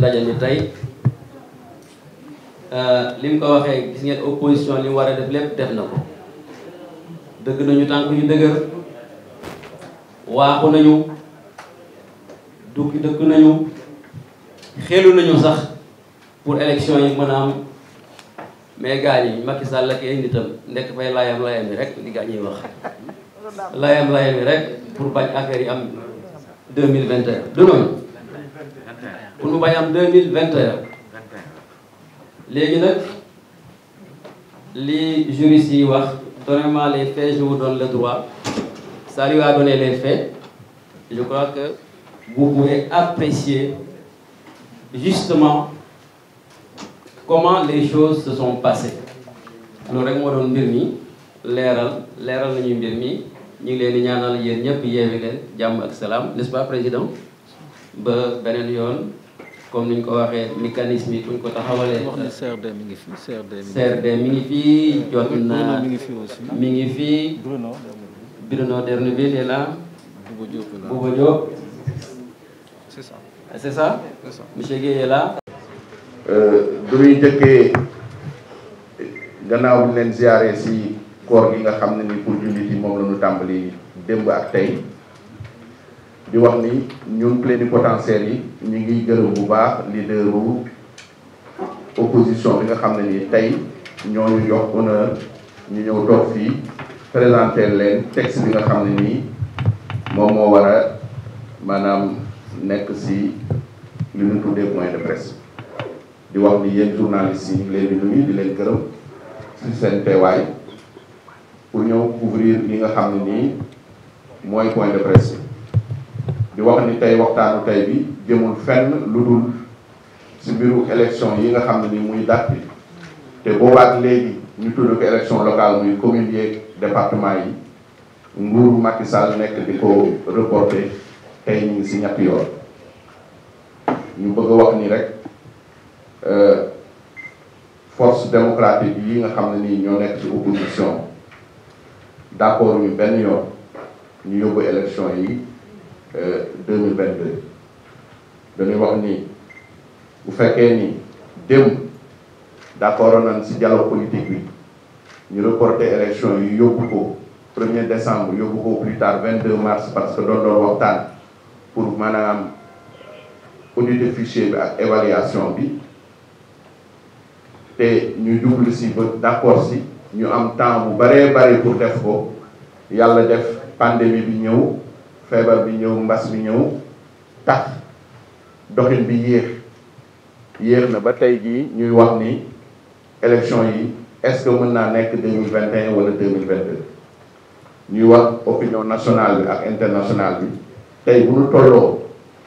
ndaje mi tey euh, li mu ko waxee gis ngeen opposition li war a def lépp def na ko dëgg nañu tànk yu dëgër waaxu nañu dukki dëkk nañu xelu nañu sax pour élection yi mën a am mais gars yi Macky Sall la kay nitam ndekk fay layam layam yi rek li gars ñuy wax layam layam yi rek pour bañ affaire yi am deux mille vingt et du noonu pour mu bañ am mille vingt et léegi nag li juriste si wax donnez-moi les faits je vous donne le droit ça lui a donné les faits je crois que vous pouvez apprécier justement comment les choses se sont passées loolu rek moo doon mbir mi leeral leeral nañu mbir mi ñu ngi leen di ñaanal yéen ñëpp yeewi leen jàmm ak salaam n'est-ce pas président ba beneen yoon comme ni ñu ko waxee mécanisme yi fu ko taxawalee. wax na CRD mi ngi fi CRD. CRD mi ngi fi jot naa mi ngi fi mi ngi fi. Bruno. Bruno Derneville est là. Bouba Diop est là ah, c'est ça. c'est ça. c'est ça du ñuy njëkkee gannaaw bi leen ziare si gi nga xam na ni pour jullit yi moom la tàmbali démb ak tey. di wax ni ñun plénipotentiaires yi ñu ngiy gërëm bu baax leaderu opposition bi nga xam ne ni tey ñooñu jox honneur ñu ñëw toog fii présenter leen texte bi nga xam ne nii moom moo war a maanaam nekk si li ñu tuddee point de presse di wax ni yéen journalistes yi ñu leen di nuyu di leen gërëm si seen teewaay pour ñëw couvrir li nga xam ne nii mooy point de presse di wax ni tey waxtaanu tey bi jëmul fenn lu dul si mbiru élection yi nga xam ni muy dàq bi te boobaak léegi ñu tudd ko élection locale muy commune yeeg yi nguur Macky nekk di ko reporté tey ñu si ñetti yoon ñu bëgg wax ni rek euh, force démocratique yi nga xam ni nii ñoo nekk ci opposition d'accord ñu benn yoon ñu yóbbu élection yi Euh, deux mille wax ni bu fekkee ni démb d'accord nañ si dialogue politique bi ñu reporter élection yi yóbbu ko premier décembre yóbbu ko plus tard vingt deux mars parce que doon doon waxtaan pour maanaam audit de fichier bi ak évaluation bi te ñu jublu si ba d'accord si ñu am temps bu baree bare pour def ko yàlla def pandémie bi ñëw feebar bi ñëw mbas mi ñëw tax doxin bi yéex yéex na ba tey jii ñuy wax ni élection yi est mën naa nekk deux mille vingt un wala deux mille vingt deux ñuy wax opinion nationale bi ak internationale bi tey bu ñu tolloo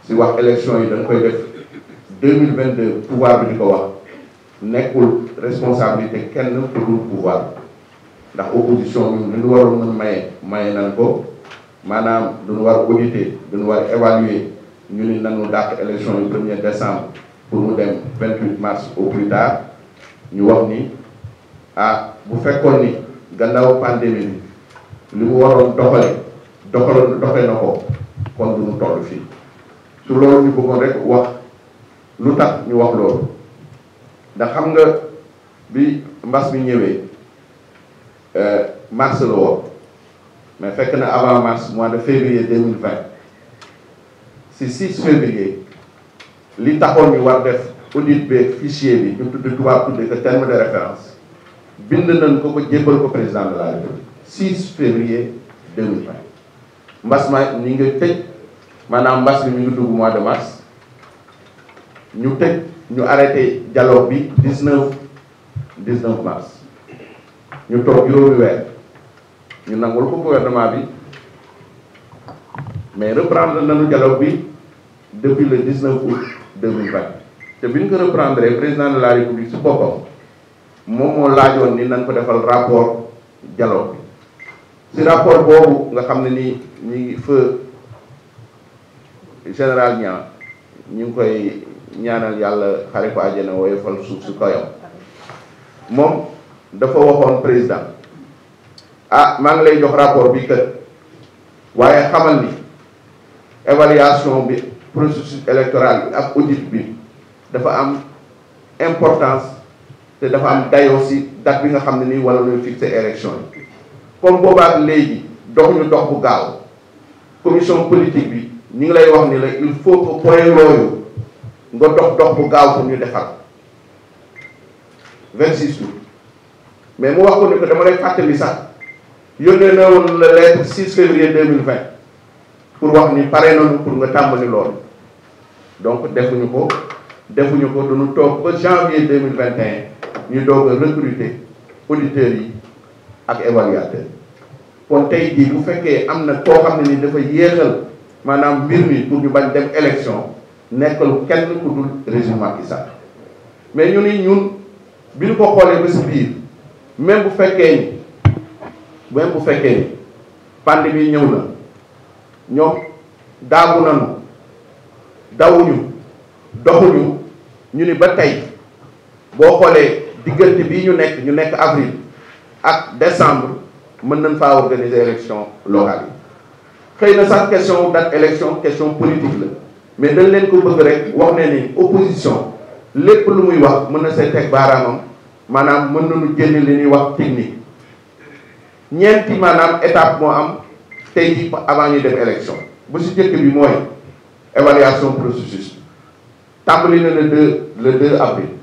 si wax élection yi dañ koy def deux mille vingt deux pouvoir bi di ko wax nekkul responsabilité kenn pour pouvoir ndax opposition bi lu ñu waroon na maye maye nan ko. maanaam duñu war auditer duñu war évaluer ñu ni nanu dàq élection yu premier décembre pour mu dem mars au plus ñu wax nii ah bu fekkoon ni gannaaw pandémie bi li mu waroon doxale doxaloon doxe na ko kon duñu toll fii su loolu ñu bëggoon rek wax lu tax ñu wax loolu ndax xam nga bi mbas mi ñëwee euh, mars la woon mais fekk na avant mars mois de février 2020 si 6 février li taxoon ñu war def audit beeg fichier bi ñu tudd tubaab tuddee ko terme de référence bind nañ ko ko jébbal ko président de la république mbas ma ñu ngi tëj maanaam mbas bi ñu ngi dugg mois de mars ñu tëj ñu arrêté dialogue bi 19 19 mars ñu toog juróomi weer ñu nangul ko gouvernement bi mais reprendre nañu dialogue bi depuis le 19 août 2020 te bi ñu ko reprendre président la république si boppam moom moo laajoon ni nañ ko defal rapport dialogue bi si rapport boobu nga xam ne ni ñu ngi feu général Niang ñu ngi koy ñaanal yàlla xare ko àjjana woyofal suuf si koyam moom dafa waxoon président ah maa ngi lay jox rapport bi kër waaye xamal ni évaluation bi processus électoral bi ak audit bi dafa am importance te dafa am dayoo si bi nga xam ne nii walla luy fixé élection yi comme boobaak léegi dox ñu dox bu gaaw commission politique bi ñu ngi lay wax ni la il faut que point yooyu nga dox dox bu gaaw pour ñu defal vingt six août mais mu wax ko ni ko dama lay fàttali sax yónnee ne woon la lettre 6 février 2020 pour wax ni pare nañu pour nga tàmbali loolu donc defuñu ko defuñu ko duñu toog ba janvier 2021 ñu doog a recruter yi ak évaluateurs kon tey jii bu fekkee am na koo am ne ni dafa yéexal maanaam mbir mi pour ñu bañ dem élection nekkal kenn ku dul régime Macky Sall mais ñu ni ñun bi ñu ko xoolee ba biir même bu fekkee ni même bu fekkee ni pandémie ñëw na ñoom daamu nañu dawuñu doxuñu ñu ni ba tey boo xoolee diggante bii ñu nekk ñu nekk avril ak décembre mën nañ faa organiser élection locale yi xëy na sax question date élection question politique la mais dañ leen ko bëgg rek wax ne ni opposition lépp lu muy wax mën na see teg baaraamam maanaam mën nañu génn li ñuy wax technique ñeenti maanaam étape moo am tey jii avant ñu dem élection bu si njëkk bi mooy évaluation processus tàmbali na le 2 le 2 avril